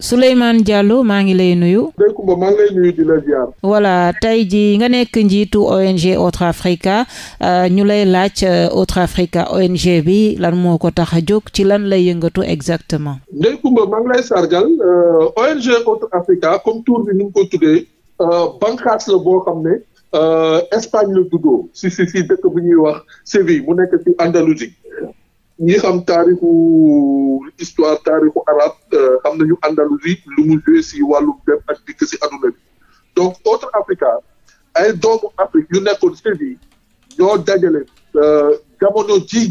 Souleymane Diallo maa ngi lay nuyu. Ndeye Comba maa ngi lay nuyu di la ziar. voilà tey jii nga nekk njiitu ONG Otra-Africa euh, ñu lay laaj euh, Otra-Africa ONG bi lan moo ko tax a jóg ci lan lay yëngatu exactement. Ndeye Comba maa ngi lay sargal euh, ONG Otra-Africa comme tour bi ni mu tuddee bànqaas la boo xam ne Espagne la juddoo si si si dëkk bu ñuy wax Séville mu nekk ci ñi xam taarixu histoire taarixu arabe euh, xam nañu Andalousie lu mu joué si wàllu dem ak dikk si adduna bi donc autre africa ay doomu Afrique yu nekkoon Séville ñoo dajale euh, jamono ji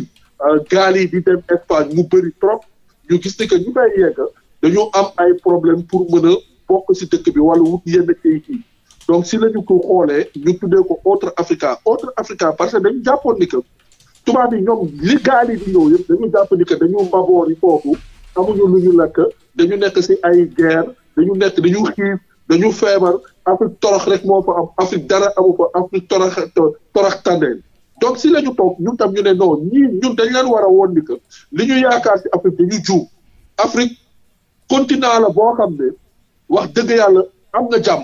euh, gaal bi di dem Espagne mu bëri trop ñu gis ni ñu fay yegg dañoo am ay problème pour mën a bokk si dëkk bi wala wut yenn kayit yi donc si la ñu ko xoolee ñu tuddee ko autre africa autre africa parce que dañu jàppoon ni que tubaab yi ñoom li gaali di ñëw yëpp dañu jàpp ni que dañu mbaboor yi foofu amuñu lu ñu lekk dañu nekk si ay guerre dañu nekk dañu xiif dañu feebar Afrique torox rek moo fa am Afrique dara amu fa Afrique torox torox tànneel donc si la ñu toog ñun tam ñu ne non ñii ñun dañ leen war a woon ni que li ñu yaakaar si Afrique dañu juum Afrique continent la boo xam ne wax dëgg yàlla am na jàmm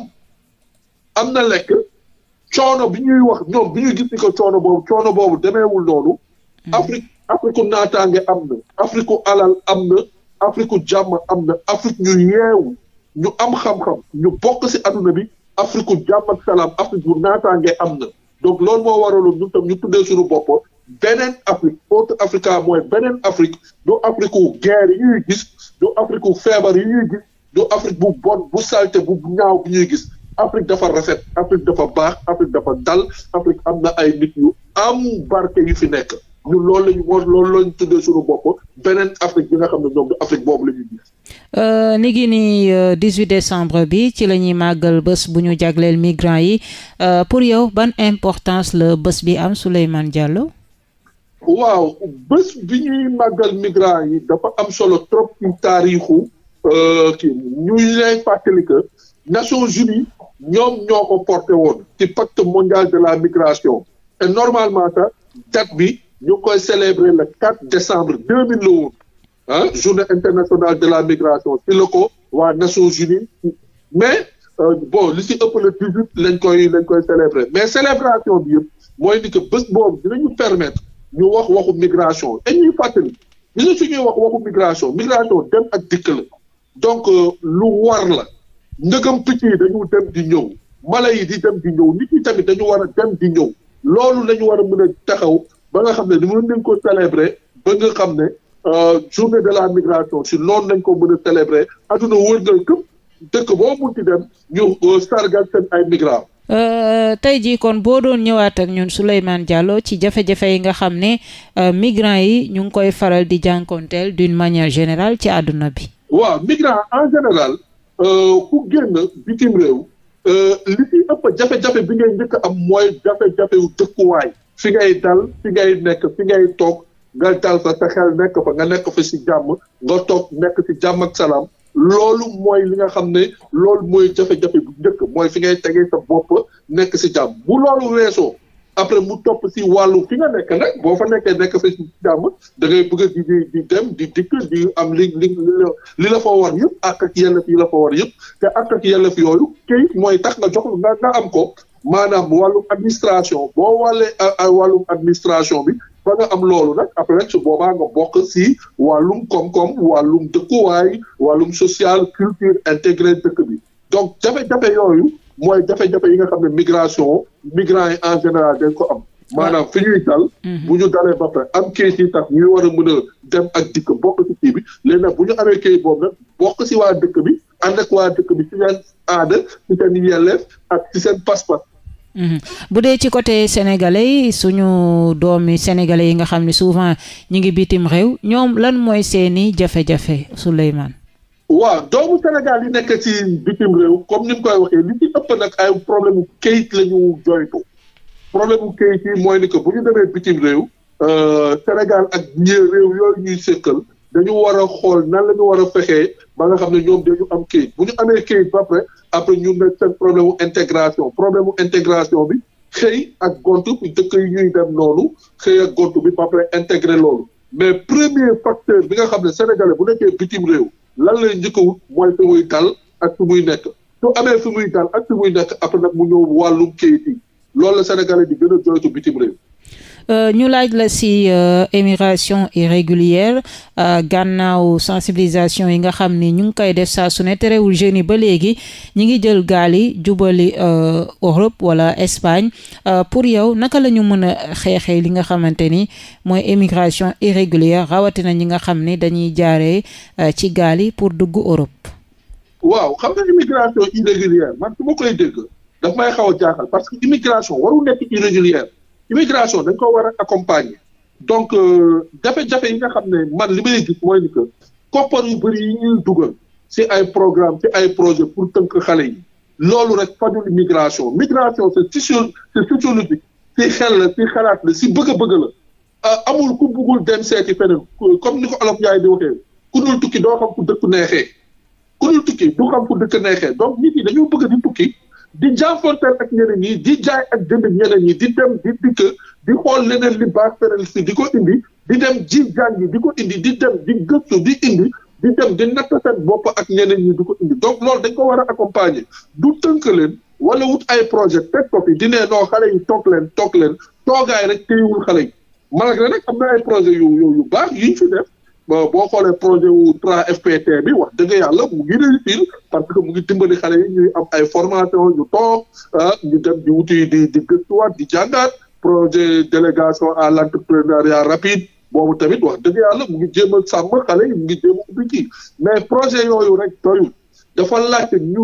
am na lekk coono bi ñuy wax ñoom bi ñuy gis ni ko coono boobu coono boobu demeewul loolu hmm. Afrique Afrique naataange am na. Afrique alal am na. Afrique jàmm am na. Afrique ñu yeewu ñu am xam-xam. ñu bokk ci adduna bi. Afrique jàmm ak salaam Afrique bu am na. donc loolu moo waraloon ñun tam ñu tuddee suñu bopp beneen Afrique autre Africa mooy beneen Afrique du Afrique wu yi gis du Afrique feebar yi ñuy gis du Afrique bu bon bu salte bu ñaaw bi ñuy gis Afrique dafa rafet Afrique dafa baax Afrique dafa dal Afrique am na ay nit yu am barke yu fi nekk ñun loolu lañu moo loolu lañu tuddee suñu bopp beneen Afrique bi nga xam ne ñoom du Afrique boobu la ñu euh, ni ngi nii euh, décembre bi ci la ñuy màggal bés bu ñu jagleel migrants yi euh, pour yow ban importance la bés bi am Souleymane Diallo. waaw bés bi ñuy màggal migrants yi dafa am solo trop taarixu ñuy lay fàttali Nations Unies ñoom ñoo ko porté woon ci pacte mondial de la migration et normalement sax date bi ñu koy célébrer le 4 décembre 2000 la woon ah journée internationale de la migration ci la ko waa Nations Unies mais euh, bon li ci ëpp la 18 lañ koy lañ koy célébrer mais célébration bi yëpp mooy ni que bés boobu dinañu permettre ñu wax waxu migration et ñu fàttali gis nga su ñuy wax waxu migration migration dem ak dikk la donc euh, lu war la. ndëgam picc yi dañu dem di ñëw mala yi di dem di ñëw nit ñi tamit dañu war a dem di ñëw loolu lañu war a mën a taxaw ba nga xam ne ni mën nañ ko célébrer ba nga xam ne euh, journée de la migration si noonu lañ dëkk boo mun ci dem ñu euh, euh, tey jii kon boo doon ñëwaat ak ñun Souleymane Diallo ci jafe-jafe yi nga xam ne migrants yi ñu ngi koy faral di jànkonteel d'une manière général ci àdduna bi. waaw migrants en général Euh, ku génn bitim réew euh, li ci ëpp jafe-jafe bi ngay njëkk am mooy jafe jafewu wu dëkkuwaay fi ngay dal fi ngay nekk fi ngay toog nga dal fa sa xel nekk fa nga nekk fa si jàmm nga toog nekk si jàmm ak salaam loolu mooy li nga xam ne loolu mooy jafe-jafe bu njëkk mooy fi ngay tegee sa bopp nekk si jàmm bu loolu weesoo après mu topp si wàllu fi nga nekk nag boo fa nekkee nekk fa si jàmm da ngay bëgg di di di dem di am li li li la fa war yëpp ak ak yelleef yi la fa war yëpp te ak ak yelleef yooyu kayit mooy tax nga jox nga nga am ko maanaam wàllum administration boo a wàllum administration bi ba nga am loolu nag après su boobaa nga bokk si wàllum koom-koom wàllum dëkkuwaay wàllum sociale culture intégré dëkk bi donc jafe-jafe yooyu mooy jafe-jafe yi nga xam ne migration migrants yi en général ko am. maanaam fi ñuy dal. Mhm. bu ñu dalee ba am kayit yi tax ñuy war a mën a dem ak dikk bokk ci kii bi léegi nag bu ci bi ànd ak waa dëkk bi ci seen aada ci seen yelleef ak ci seen pas mhm. bu dee ci côté sénégalais yi suñu doomi sénégalais yi nga xam ne souvent ñi ngi bitim réew ñoom lan mooy seeni jafe-jafe Souleymane. waaw doomu Sénégal yi nekk ci bitim réew comme ni mu koy waxee li ci ëpp nag ay problème u kayit la ñu joytu problème u kayit yi mooy ni que bu ñu demee bitim réew euh, Sénégal ak ñi réew yooyu ñuy sëkkal dañu war a xool nan la ñu war a fexee ba nga xam ne ñoom dañu am kayit bu ñu amee kayit ba pare après ñu nekk seen problème intégration problème u intégration bi xëy ak gont bi dëkk yi ñuy dem noonu xëy ak gont bi ba pare intégré loolu mais premier facteur bi nga xam ne sénégalais bu nekkee bitim réew lan lay njëkk a wut mooy fi muy dal ak fi muy nekk su amee fi muy dal ak fi muy nekk après nag mu ñëw wàllum kayit yi loolu la Sénégalais di gën a jooytu bitim réew Euh, ñu laaj la si euh, émigration irrégulière euh, gànnaaw sensibilisation yi nga xam ni ñu ngi koy def saa su ne terewul jeunes yi ba léegi ñi ngi jël gaali yi jubali Europe wala Espagne pour yow naka la ñu mën a xeexee li nga xamante ni mooy émigration irrégulière rawatina ñi nga xam ni dañuy jaaree ci gaal yi pour dugg Europe. waaw xam nga immigration irrégulière man su koy dégg daf may xaw a jaaxal parce que immigration warul nekk irrégulière. immigration dañ ko war a accompagner donc euh, jafe-jafe yi nga xam ne man li may gis mooy ni que koppar yu bëri yi ñuy dugal ci ay programme ci ay projet pour tënk xale yi loolu rek fajul migration migration c'est socio c'est sociologique ci xel la ci xalaat la ci bëgg-bëgg la euh, amul ku bëggul dem seeti feneen comme ni ko olof yaay di waxee ku dul tukki doo xam fu dëkk neexee ku dul tukki du xam fu dëkk neexee donc nit yi dañoo bëgg di tukki di jaafonteel ak ñeneen ñi di jaay ak jënd ñeneen yi di dem di dikk di xool leneen li baax feral si di ko indi di dem ji jàng yi di ko indi di dem di gëstu di indi di dem di natt seen bopp ak ñeneen ñi di ko indi donc loolu dañ ko war a accompagner du tënk leen wala wut ay projet teg ko fi di nee non xale yi toog leen toog leen toogaay rek téyewul xale yi malgré nag am na ay projet yu yu baax yi fi def ba boo xoolee projet wu 3FPT bi wax dëgg yàlla mu ngi réussir parce que mu ngi timbali xale yi ñuy am ay formation ñu toog ah, ñu dem di wuti di di gëstuwaat di jàngaat projet délégation à l'entrepreneuriat rapide boobu tamit wax dëgg yàlla mu ngi jéem a sàmm xale yi mu ngi jéem a ubbi mais projet yooyu rek doyul dafa laajte ñu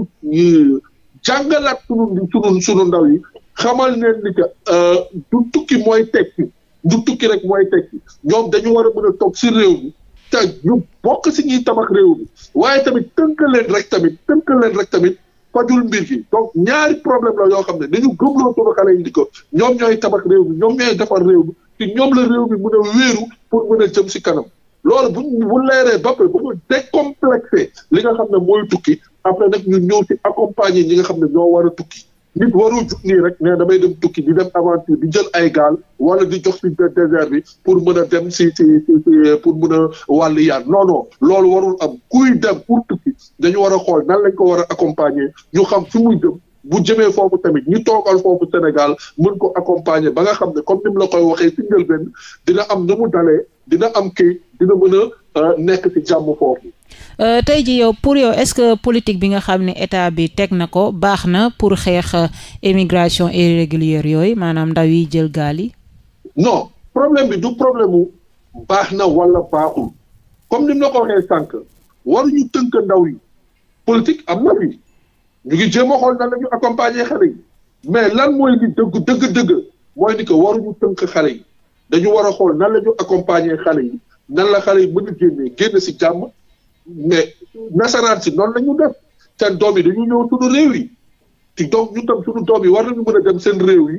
jàngalaat sunu sunu sunu ndaw yi xamal leen ni que euh, du tukki mooy tekki du tukki rek mooy tekki ñoom dañu war a mën a toog si réew mi ca ñu bokk si ñuy tabax réew mi waaye tamit tënk leen rek tamit tënk leen rek tamit fajul mbir gi donc ñaari problème la yoo xam ne dañu gëmloo sunu xale yi di ko ñoom ñooy tabax réew mi ñoom ñooy defar réew mi te ñoom la réew mi mën a wéeru pour mën a jëm si kanam loolu buñ bu leeree ba pare bu ñu décomplexé li nga xam ne mooy tukki après nag ñu ñëw si accompagner ñi nga xam ne ñoo war a tukki nit warul jug nii rek ne damay dem tukki di dem aventure di jël ay gaal wala di jox ci désert bi pour mën a dem si si pour mën a wàll yaan non non loolu warul am kuy dem pour tukki dañu war a xool nan lañ ko war a accompagner ñu xam fi muy bu jëmee foofu tamit ñu toogal foofu Sénégal mën ko accompagner ba nga xam ne comme ni la koy waxee si njëlbeen dina am nu mu dalee dina am kayit dina mën a euh, nekk si jàmm foofu. Euh, tey ji yow pour yow est-ce que politique bi nga xam ne état bi teg na ko baax na pour xeex euh, émigration irrégulière yooyu maanaam ndaw yi jël gaali yi. problème bi du problème mu baax na wala baaxul comme ni mu la ko waxee sànq waruñu tënk ndaw yi politique am na fi ñu ngi jéem a xool nan la ñu xale yi mais lan mooy li dëgg dëgg-dëgg mooy ko waru waruñu tënk xale yi dañu war a xool nan la ñu accompagner xale yi nan la xale yi mën a génne génn si jàmm. mais nasaraan si noonu la ñu def seen doom yi dañu ñëw suñu réew yi te donc ñun tam suñu doom yi war nañu mën a dem seen réew yi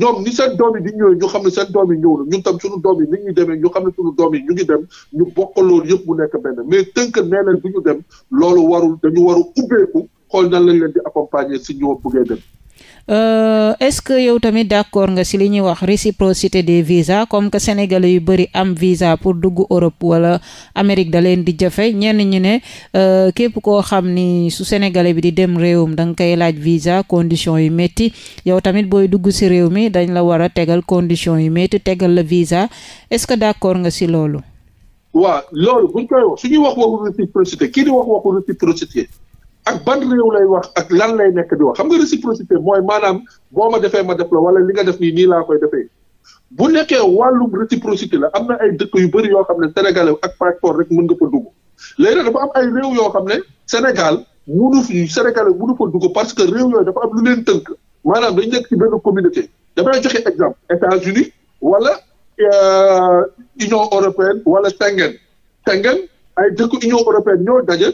ñoom ni seen doom yi di ñëwee ñu xam ne seen doom yi ñëw na ñun tam suñu doom yi ni ñuy demee ñu xam ne suñu doom yi ñu ngi dem ñu bokk loolu yëpp mu nekk benn mais tënk nee leen bu ñu dem loolu warul dañu war a ubbeeku xool nan lañ leen di accompagner si ñoo bëggee dem Euh, est-ce que yow tamit d'accord nga ci li ñuy wax réciprocité des visas comme que sénégalais yu bari am visa pour dugg Europe wala Amérique da leen di jafe ñenn ñu ne euh, képp koo xam ni su sénégalais bi di dem réewum da nga koy laaj visa condition yu métti yow tamit booy dugg ci réew mi dañ la war a tegal condition yu métti tegal la visa est-ce que d'accord nga ci loolu. waaw loolu buñ koy wax waxu réciprocité kii di wax waxu réciprocité ak ban réew lay wax ak lan lay nekk di wax xam nga réciprocité mooy maanaam boo ma defee ma def la wala li nga def nii nii laa koy defee bu nekkee wàllum réciprocité la am na ay dëkk yu bëri yoo xam ne sénégalais ak passeport rek mën nga fa dugg léegi nag dafa am ay réew yoo xam ne Sénégal munu fi sénégalais munu fa dugg parce que réew yooyu dafa am lu leen tënk maanaam dañ nekk ci benn communauté damay joxe exemple États-Unis wala euh, Union européenne wala Schengen Schengen ay dëkk Union européenne ñoo daje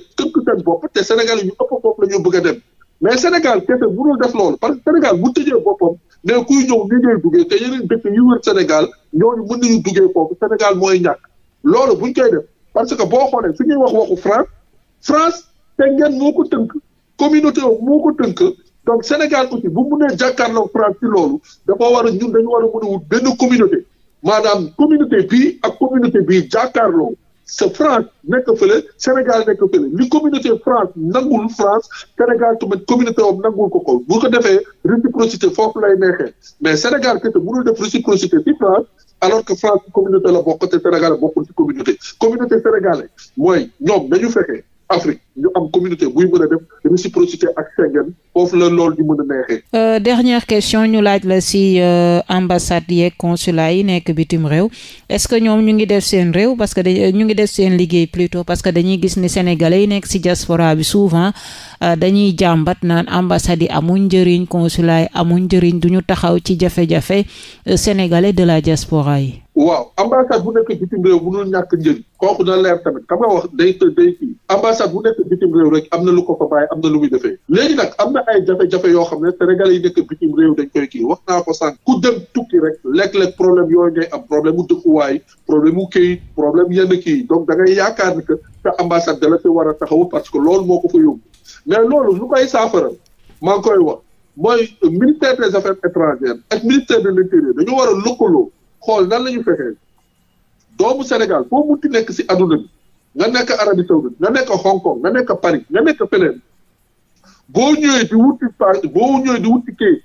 seen bopp te Sénégal yi ñu ëpp bopp la ñu dem mais Sénégal kese mënul def loolu parce que Sénégal bu tëjee boppam ne kuy ñëw nii ngay duggee te yeneen dëkk yu wër Sénégal ñooñu mën nañu duggee foofu Sénégal mooy ñàkk loolu buñ koy def parce que boo xoolee su ñuy wax waxu France France te ngeen moo ko tënk communauté moo ko tënk donc Sénégal aussi bu mënee jàkkaarloog France ci loolu dafa war a ñun dañu war a mën a wut benn communauté maanaam communauté bii ak communauté bii jàkkaarloo sa France nekk fële Sénégal nekk fële li communauté France nangul France Sénégal tamit communauté am nangul ko ko bu ko defee réciprocité foofu lay neexee mais Sénégal bu mënul def réciprocité ci France alors que France communauté la bokk te Sénégal bokkul ci communauté communauté sénégalaise mooy ñoom nañu fexe Afrique ñu am communauté buy mën a def réciprocité ak Schengen foofu la loolu di mën a neexee. Euh, dernière question ñu laaj la si euh, ambassade yeeg consulat yi nekk bitim réew est-ce que ñoom ñu ngi def seen réew parce que ñu ngi def seen liggéey plutôt parce que dañuy gis ni sénégalais yi nekk si diaspora bi souvent euh, dañuy jàmbat naan ambassade yi amuñ njëriñ consulat yi amuñ njëriñ du ñu taxaw ci jafe-jafe sénégalais de la diaspora yi. waaw ambassade bu nekk bitim réew mënul ñàkk njëriñ. kooku na leer tamit xam nga wax day day kii ambassade bu nekk bitim réew rek am na lu ko fa bàyyi am na lu muy defee léegi nag am na ay jafe-jafe yoo xam ne sénégalais yi nekk bitim réew dañ koy kii wax naa ko sànq ku dem tukki rek léeg-léeg problème yooyu ngay am problème mu dëkkuwaay problème mu këyit problème yenn kii donc da ngay yaakaar ni que te ambassade da la war a taxawu parce que loolu moo ko fa yóbbu mais loolu lu koy saafaral maa ngi koy wax mooy ministère des affaires étrangères ak ministère de l'intérieur dañu war a lëkkaloo xool nan la ñu fexee doomu Sénégal foo munti nekk si adduna bi nga nekk Arabie Saoudite nga nekk Hong Kong nga nekk Paris nga nekk feneen boo ñëwee di wuti pa boo ñëwee di wuti kayit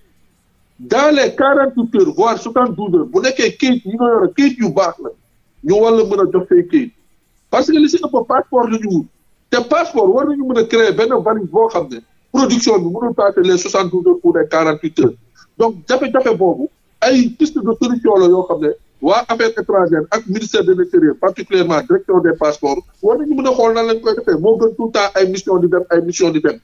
dans les quarante huit heures voire soixante douze heures bu nekkee kayit yi nga yor yu baax la ñu wala la mën a jox say kayit parce que li si ëpp passeport la ñu wut te passeport war ñu mun a créer benn valise boo xam ne production bi mënul passer les soixante douze heures pour les quarante huit heures donc jafe-jafe boobu ay piste de la yoo xam ne. waa affaires étrangères ak ministère de l'intérieur particulièrement direction des passeports war nañu mën a xool nan lañ koy defee moo gën tout le temps ay mission di dem ay mission di dem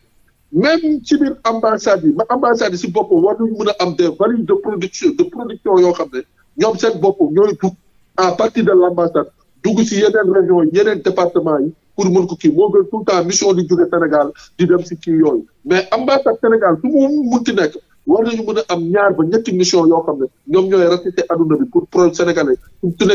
même ci biir ambassades yi ma ambassades yi si boppam war nañu mën a am des valises de production de production yoo xam ne ñoom seen bopp ñooy dugg à partir de l' ambassade dugg si yeneen région yi yeneen départements yi pour mun ko kii moo gën tout temps mission di jóge Sénégal di dem si kii yooyu mais ambassade Sénégal su mu nekk war nañu mën a am ñaar ba ñetti mission yoo xam ne ñoom ñooy ratisser adduna bi pour pro sénégalais su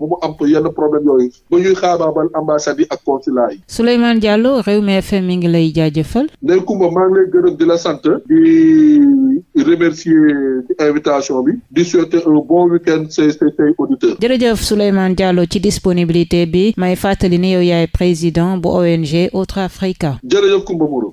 mu am yenn problème yooyu ba ñuy xaabaabal ambassade ak consulat yi. Souleymane Diallo Rewmi FM mi ngi lay jaajëfal. Ndeye Comba maa ngi lay gërëm di la sant. di remercier invitation bi. di souhaiter un bon week say say say jërëjëf Souleymane Diallo ci disponibilité bi may fàttali ni yow yaay président bu ONG Otra-Africa. jërëjëf